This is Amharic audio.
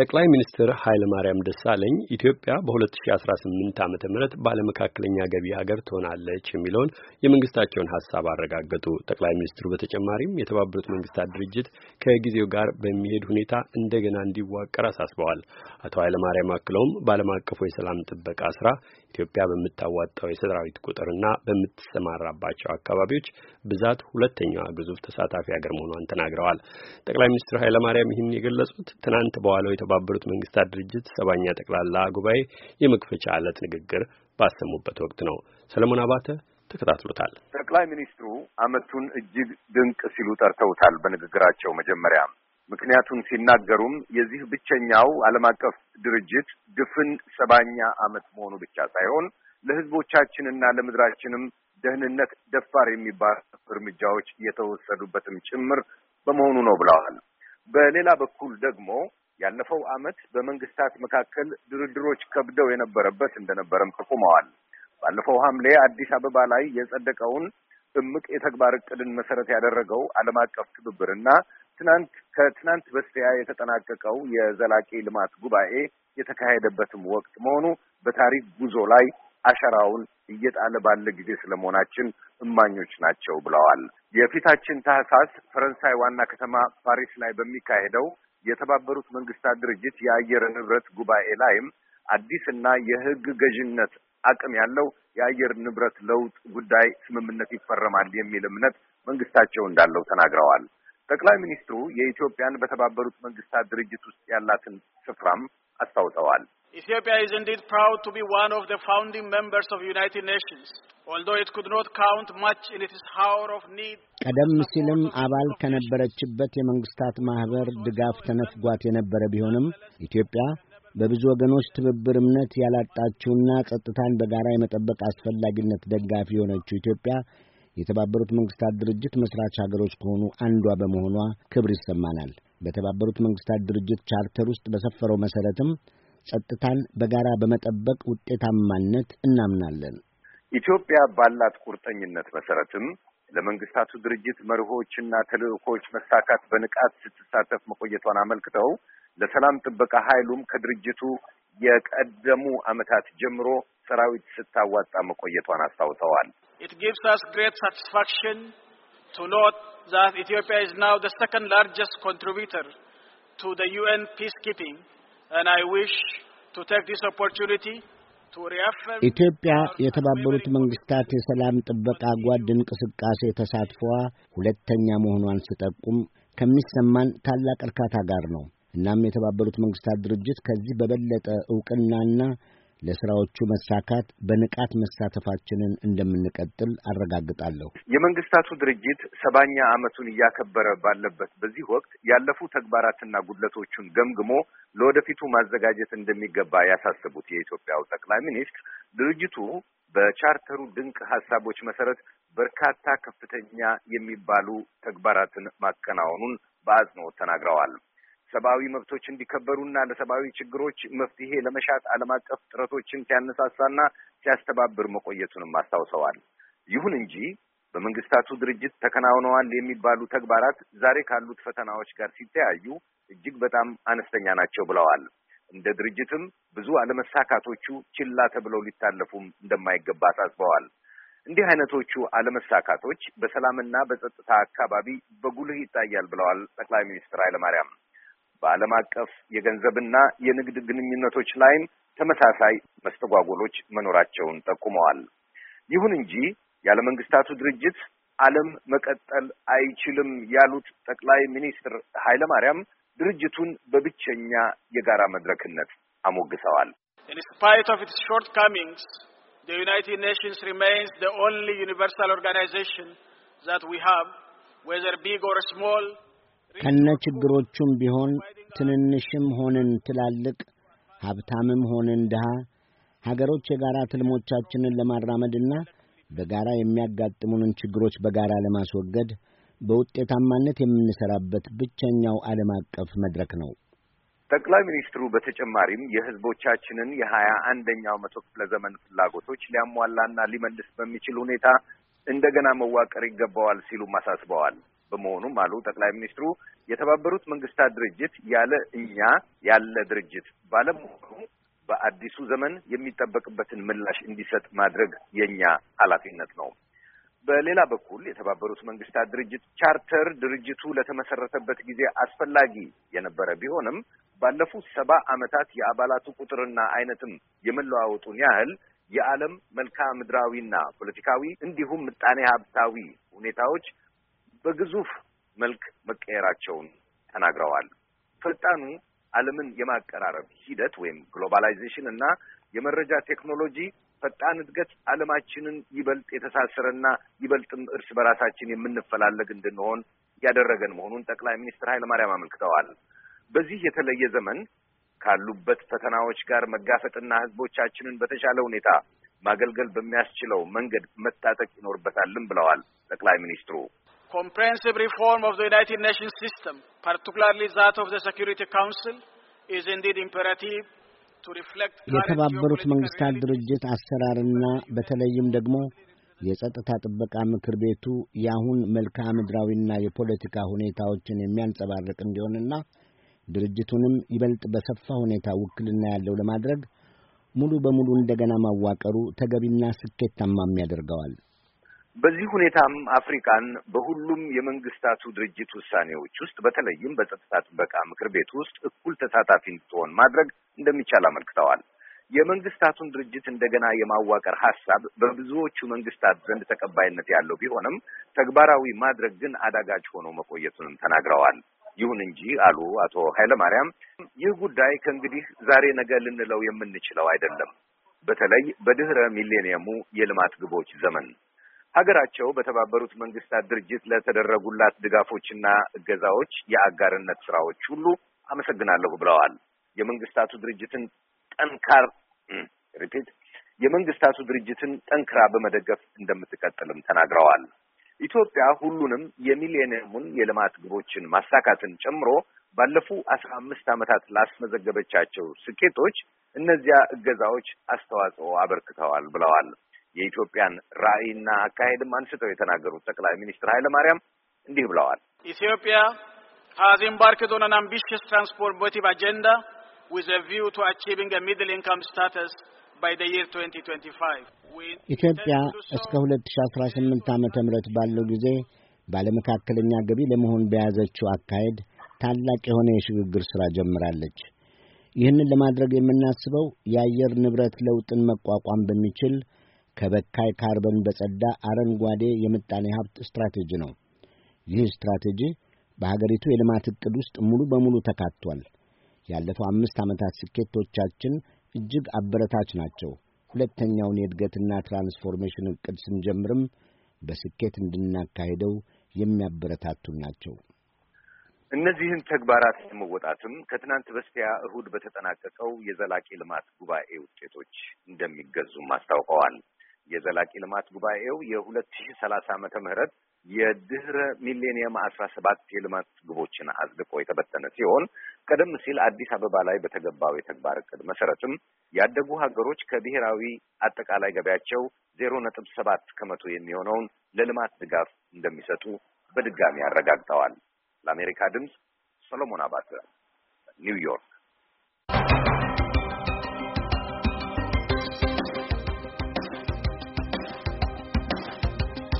ጠቅላይ ሚኒስትር ኃይለ ማርያም ደሳለኝ ኢትዮጵያ በ2018 ዓመተ ምህረት ባለመካከለኛ ገቢ ሀገር ትሆናለች የሚለውን የመንግስታቸውን ሀሳብ አረጋገጡ። ጠቅላይ ሚኒስትሩ በተጨማሪም የተባበሩት መንግስታት ድርጅት ከጊዜው ጋር በሚሄድ ሁኔታ እንደገና እንዲዋቀር አሳስበዋል። አቶ ኃይለማርያም አክለውም በዓለም አቀፉ የሰላም ጥበቃ ስራ ኢትዮጵያ በምታዋጣው የሰራዊት ቁጥርና በምትሰማራባቸው አካባቢዎች ብዛት ሁለተኛዋ ግዙፍ ተሳታፊ ሀገር መሆኗን ተናግረዋል። ጠቅላይ ሚኒስትር ማርያም ይህን የገለጹት ትናንት በኋላ የተባበሩት መንግስታት ድርጅት ሰባኛ ጠቅላላ ጉባኤ የመክፈቻ ዕለት ንግግር ባሰሙበት ወቅት ነው። ሰለሞን አባተ ተከታትሎታል። ጠቅላይ ሚኒስትሩ አመቱን እጅግ ድንቅ ሲሉ ጠርተውታል። በንግግራቸው መጀመሪያ ምክንያቱን ሲናገሩም የዚህ ብቸኛው ዓለም አቀፍ ድርጅት ድፍን ሰባኛ አመት መሆኑ ብቻ ሳይሆን ለህዝቦቻችንና ለምድራችንም ደህንነት ደፋር የሚባሉ እርምጃዎች የተወሰዱበትም ጭምር በመሆኑ ነው ብለዋል። በሌላ በኩል ደግሞ ያለፈው ዓመት በመንግስታት መካከል ድርድሮች ከብደው የነበረበት እንደነበረም ጠቁመዋል። ባለፈው ሐምሌ አዲስ አበባ ላይ የጸደቀውን እምቅ የተግባር እቅድን መሰረት ያደረገው ዓለም አቀፍ ትብብርና ትናንት ከትናንት በስቲያ የተጠናቀቀው የዘላቂ ልማት ጉባኤ የተካሄደበትም ወቅት መሆኑ በታሪክ ጉዞ ላይ አሻራውን እየጣለ ባለ ጊዜ ስለመሆናችን እማኞች ናቸው ብለዋል። የፊታችን ታህሳስ ፈረንሳይ ዋና ከተማ ፓሪስ ላይ በሚካሄደው የተባበሩት መንግስታት ድርጅት የአየር ንብረት ጉባኤ ላይም አዲስ እና የህግ ገዥነት አቅም ያለው የአየር ንብረት ለውጥ ጉዳይ ስምምነት ይፈረማል የሚል እምነት መንግስታቸው እንዳለው ተናግረዋል። ጠቅላይ ሚኒስትሩ የኢትዮጵያን በተባበሩት መንግስታት ድርጅት ውስጥ ያላትን ስፍራም አስታውሰዋል። Ethiopia is indeed proud to be one of the founding members of United Nations. Although it could not count much in its hour of need. ቀደም ሲልም አባል ከነበረችበት የመንግስታት ማህበር ድጋፍ ተነፍጓት የነበረ ቢሆንም ኢትዮጵያ በብዙ ወገኖች ትብብር እምነት ያላጣችውና ጸጥታን በጋራ የመጠበቅ አስፈላጊነት ደጋፊ የሆነችው ኢትዮጵያ የተባበሩት መንግስታት ድርጅት መስራች ሀገሮች ከሆኑ አንዷ በመሆኗ ክብር ይሰማናል። በተባበሩት መንግስታት ድርጅት ቻርተር ውስጥ በሰፈረው መሰረትም ጸጥታን በጋራ በመጠበቅ ውጤታማነት እናምናለን። ኢትዮጵያ ባላት ቁርጠኝነት መሰረትም ለመንግስታቱ ድርጅት መርሆችና ተልእኮች መሳካት በንቃት ስትሳተፍ መቆየቷን አመልክተው ለሰላም ጥበቃ ኃይሉም ከድርጅቱ የቀደሙ ዓመታት ጀምሮ ሰራዊት ስታዋጣ መቆየቷን አስታውሰዋል። It gives us great satisfaction to note that Ethiopia is now the second largest contributor to the UN peacekeeping ኢትዮጵያ የተባበሩት መንግስታት የሰላም ጥበቃ ጓድ እንቅስቃሴ ተሳትፎዋ ሁለተኛ መሆኗን ስጠቁም ከሚሰማን ታላቅ እርካታ ጋር ነው። እናም የተባበሩት መንግስታት ድርጅት ከዚህ በበለጠ እውቅናና ለስራዎቹ መሳካት በንቃት መሳተፋችንን እንደምንቀጥል አረጋግጣለሁ። የመንግስታቱ ድርጅት ሰባኛ ዓመቱን እያከበረ ባለበት በዚህ ወቅት ያለፉ ተግባራትና ጉድለቶቹን ገምግሞ ለወደፊቱ ማዘጋጀት እንደሚገባ ያሳሰቡት የኢትዮጵያው ጠቅላይ ሚኒስትር ድርጅቱ በቻርተሩ ድንቅ ሀሳቦች መሰረት በርካታ ከፍተኛ የሚባሉ ተግባራትን ማከናወኑን በአጽንኦት ተናግረዋል። ሰብአዊ መብቶች እንዲከበሩና ለሰብአዊ ችግሮች መፍትሄ ለመሻት ዓለም አቀፍ ጥረቶችን ሲያነሳሳና ሲያስተባብር መቆየቱንም አስታውሰዋል። ይሁን እንጂ በመንግስታቱ ድርጅት ተከናውነዋል የሚባሉ ተግባራት ዛሬ ካሉት ፈተናዎች ጋር ሲተያዩ እጅግ በጣም አነስተኛ ናቸው ብለዋል። እንደ ድርጅትም ብዙ አለመሳካቶቹ ችላ ተብለው ሊታለፉም እንደማይገባ አሳስበዋል። እንዲህ አይነቶቹ አለመሳካቶች በሰላምና በጸጥታ አካባቢ በጉልህ ይታያል ብለዋል ጠቅላይ ሚኒስትር ኃይለማርያም በዓለም አቀፍ የገንዘብና የንግድ ግንኙነቶች ላይም ተመሳሳይ መስተጓጎሎች መኖራቸውን ጠቁመዋል። ይሁን እንጂ ያለ መንግስታቱ ድርጅት ዓለም መቀጠል አይችልም ያሉት ጠቅላይ ሚኒስትር ኃይለ ማርያም ድርጅቱን በብቸኛ የጋራ መድረክነት አሞግሰዋል። ኢን ስፓይት ኦፍ ኢትስ ሾርት ካሚንግስ ዘ ዩናይትድ ኔሽንስ ሪሜይንስ ዘ ኦንሊ ዩኒቨርሳል ኦርጋናይዜሽን ዛት ዊ ሃቭ ዌዘር ቢግ ኦር ከነ ችግሮቹም ቢሆን ትንንሽም ሆንን ትላልቅ፣ ሀብታምም ሆንን ድሃ ሀገሮች የጋራ ትልሞቻችንን ለማራመድና በጋራ የሚያጋጥሙንን ችግሮች በጋራ ለማስወገድ በውጤታማነት የምንሰራበት ብቸኛው ዓለም አቀፍ መድረክ ነው። ጠቅላይ ሚኒስትሩ በተጨማሪም የሕዝቦቻችንን የሀያ አንደኛው መቶ ክፍለ ዘመን ፍላጎቶች ሊያሟላና ሊመልስ በሚችል ሁኔታ እንደገና መዋቀር ይገባዋል ሲሉም አሳስበዋል። በመሆኑም አሉ ጠቅላይ ሚኒስትሩ የተባበሩት መንግስታት ድርጅት ያለ እኛ ያለ ድርጅት ባለመሆኑ በአዲሱ ዘመን የሚጠበቅበትን ምላሽ እንዲሰጥ ማድረግ የእኛ ኃላፊነት ነው። በሌላ በኩል የተባበሩት መንግስታት ድርጅት ቻርተር ድርጅቱ ለተመሰረተበት ጊዜ አስፈላጊ የነበረ ቢሆንም ባለፉት ሰባ ዓመታት የአባላቱ ቁጥርና አይነትም የመለዋወጡን ያህል የዓለም መልክዓ ምድራዊና ፖለቲካዊ እንዲሁም ምጣኔ ሀብታዊ ሁኔታዎች በግዙፍ መልክ መቀየራቸውን ተናግረዋል። ፈጣኑ ዓለምን የማቀራረብ ሂደት ወይም ግሎባላይዜሽን እና የመረጃ ቴክኖሎጂ ፈጣን እድገት ዓለማችንን ይበልጥ የተሳሰረና ይበልጥም እርስ በራሳችን የምንፈላለግ እንድንሆን ያደረገን መሆኑን ጠቅላይ ሚኒስትር ኃይለማርያም አመልክተዋል። በዚህ የተለየ ዘመን ካሉበት ፈተናዎች ጋር መጋፈጥና ህዝቦቻችንን በተሻለ ሁኔታ ማገልገል በሚያስችለው መንገድ መታጠቅ ይኖርበታልም ብለዋል ጠቅላይ ሚኒስትሩ። comprehensive reform of the United Nations system, particularly that of the Security Council, is indeed imperative to reflect የተባበሩት መንግስታት ድርጅት አሰራርና በተለይም ደግሞ የጸጥታ ጥበቃ ምክር ቤቱ የአሁን መልክዓ ምድራዊና የፖለቲካ ሁኔታዎችን የሚያንጸባርቅ እንዲሆንና ድርጅቱንም ይበልጥ በሰፋ ሁኔታ ውክልና ያለው ለማድረግ ሙሉ በሙሉ እንደገና ማዋቀሩ ተገቢና ስኬታማም ያደርገዋል። በዚህ ሁኔታም አፍሪካን በሁሉም የመንግስታቱ ድርጅት ውሳኔዎች ውስጥ በተለይም በጸጥታ ጥበቃ ምክር ቤት ውስጥ እኩል ተሳታፊ እንድትሆን ማድረግ እንደሚቻል አመልክተዋል። የመንግስታቱን ድርጅት እንደገና የማዋቀር ሀሳብ በብዙዎቹ መንግስታት ዘንድ ተቀባይነት ያለው ቢሆንም ተግባራዊ ማድረግ ግን አዳጋች ሆኖ መቆየቱንም ተናግረዋል። ይሁን እንጂ አሉ አቶ ኃይለማርያም፣ ይህ ጉዳይ ከእንግዲህ ዛሬ ነገ ልንለው የምንችለው አይደለም፣ በተለይ በድህረ ሚሌኒየሙ የልማት ግቦች ዘመን ሀገራቸው በተባበሩት መንግስታት ድርጅት ለተደረጉላት ድጋፎችና እገዛዎች የአጋርነት ስራዎች ሁሉ አመሰግናለሁ ብለዋል። የመንግስታቱ ድርጅትን ጠንካር ሪፒት የመንግስታቱ ድርጅትን ጠንክራ በመደገፍ እንደምትቀጥልም ተናግረዋል። ኢትዮጵያ ሁሉንም የሚሊኒየሙን የልማት ግቦችን ማሳካትን ጨምሮ ባለፉ አስራ አምስት ዓመታት ላስመዘገበቻቸው ስኬቶች እነዚያ እገዛዎች አስተዋጽኦ አበርክተዋል ብለዋል። የኢትዮጵያን ራዕይና አካሄድም አንስተው የተናገሩት ጠቅላይ ሚኒስትር ኃይለ ማርያም እንዲህ ብለዋል። ኢትዮጵያ ሀዝ embarked on አምቢሽስ ambitious transformative agenda with a view to achieving a middle income status by the year 2025 ኢትዮጵያ እስከ 2018 ዓመተ ምህረት ባለው ጊዜ ባለመካከለኛ ገቢ ለመሆን በያዘችው አካሄድ ታላቅ የሆነ የሽግግር ሥራ ጀምራለች። ይህንን ለማድረግ የምናስበው የአየር ንብረት ለውጥን መቋቋም በሚችል ከበካይ ካርበን በጸዳ አረንጓዴ የምጣኔ ሀብት ስትራቴጂ ነው። ይህ ስትራቴጂ በሀገሪቱ የልማት ዕቅድ ውስጥ ሙሉ በሙሉ ተካቷል። ያለፈው አምስት ዓመታት ስኬቶቻችን እጅግ አበረታች ናቸው። ሁለተኛውን የእድገትና ትራንስፎርሜሽን ዕቅድ ስንጀምርም በስኬት እንድናካሄደው የሚያበረታቱን ናቸው። እነዚህን ተግባራት ለመወጣትም ከትናንት በስቲያ እሁድ በተጠናቀቀው የዘላቂ ልማት ጉባኤ ውጤቶች እንደሚገዙም አስታውቀዋል። የዘላቂ ልማት ጉባኤው የሁለት 2030 ሰላሳ ዓመተ ምህረት የድህረ ሚሌኒየም አስራ ሰባት የልማት ግቦችን አጽድቆ የተበተነ ሲሆን ቀደም ሲል አዲስ አበባ ላይ በተገባው የተግባር እቅድ መሰረትም ያደጉ ሀገሮች ከብሔራዊ አጠቃላይ ገበያቸው ዜሮ ነጥብ ሰባት ከመቶ የሚሆነውን ለልማት ድጋፍ እንደሚሰጡ በድጋሚ አረጋግጠዋል። ለአሜሪካ ድምፅ ሰሎሞን አባተ ኒውዮርክ